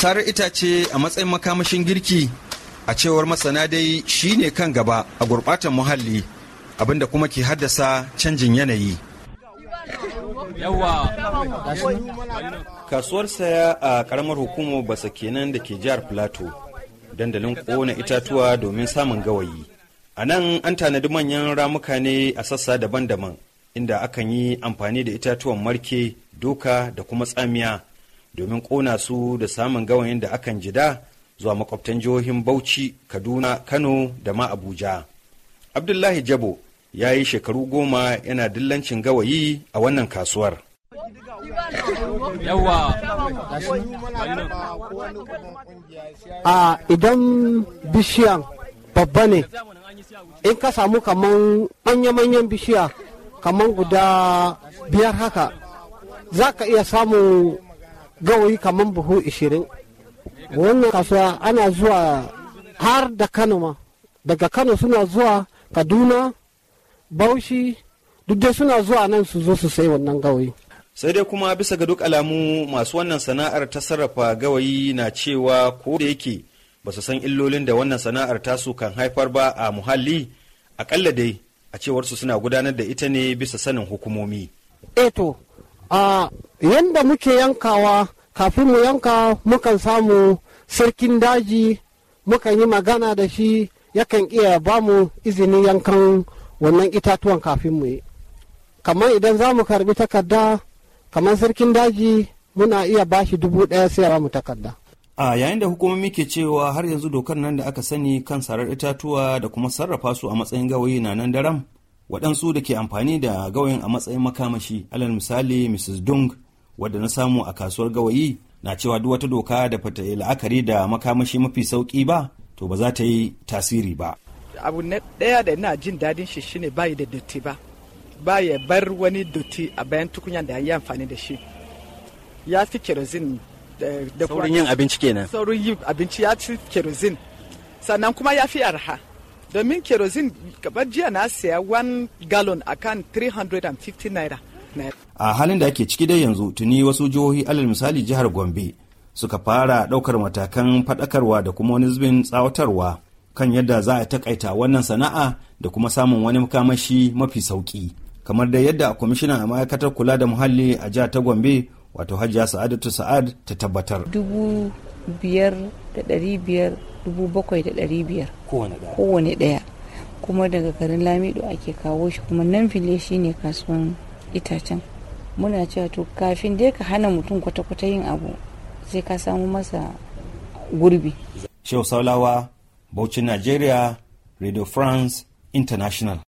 sarar itace a matsayin makamashin girki a cewar masana dai shine kan gaba a gurɓatan muhalli abinda kuma ke haddasa canjin yanayi kasuwar saya a karamar hukumar basa kenan da ke jihar plato dandalin kona itatuwa domin samun gawayi a nan an tanadi manyan ramuka ne a sassa daban-daban inda akan yi amfani da itatuwan marke doka da kuma tsamiya domin ƙona su da samun gawayin da akan jida zuwa makwabtan jihohin Bauchi, Kaduna, Kano da ma Abuja. Abdullahi Jabo ya yi shekaru goma yana dillancin gawayi a wannan kasuwar. a idan bishiyan babba ne, in ka samu kaman manya-manyan bishiya kaman guda biyar haka, za ka iya samun gawayi kamar buhu ishirin wannan kasuwa ana zuwa har da kano ma daga kano suna zuwa kaduna baushi duk dai suna zuwa nan su zo su sai wannan gawayi sai dai kuma bisa ga duk alamu masu wannan sana'ar ta sarrafa gawayi na cewa ko da yake ba su san illolin da wannan sana'ar tasu kan haifar ba a muhalli akalla dai a cewar su suna gudanar da ita ne bisa sanin hukumomi eto eh a yanda muke yankawa kafin mu yanka mukan samu sarkin daji mukan yi magana da shi yakan iya ba mu izinin yankan wannan itatuwan kafin mu yi kamar idan za mu karbi takarda kamar sarkin daji muna iya bashi dubu ɗaya sai ba mu takarda a yayin da hukumomi ke cewa har yanzu dokar nan da aka sani kan sarar itatuwa da kuma sarrafa su a matsayin gawayi na nan daram waɗansu da ke amfani da gawayin a matsayin makamashi alal misali mrs dung wadda na samu a kasuwar gawayi na cewa duk wata doka da fata la'akari da makamashi mafi sauki ba to ba za ta yi tasiri ba abu na ɗaya da ina jin daɗin shi shine bayi da dotti ba ba ya bar wani dotti a bayan tukunya da ya amfani da shi ya fi kerosene eh, da saurin yin abinci kenan saurin yin abinci ya fi kerosene sannan kuma ya fi arha domin kerosene kamar jiya na siya 1 gallon akan 350 naira a halin da ake ciki dai yanzu tuni wasu jihohi alal misali jihar gombe suka fara ɗaukar matakan faɗakarwa da kuma wani zubin tsawatarwa kan yadda za a takaita wannan sana'a da kuma samun wani makamashi mafi sauki kamar da yadda kwamishinan a ma'aikatar kula da muhalli a jihar ta gombe wato hajiya sa'adatu sa'ad ta tabbatar dubu biyar da ɗari biyar dubu bakwai da ɗari biyar kowane ɗaya kuma daga garin lamido ake kawo shi kuma nan file ne kasuwan itacen muna cewa to kafin dai ka hana mutum kwata-kwata yin abu sai ka samu masa gurbi shehu saulawa bauchin nigeria radio france international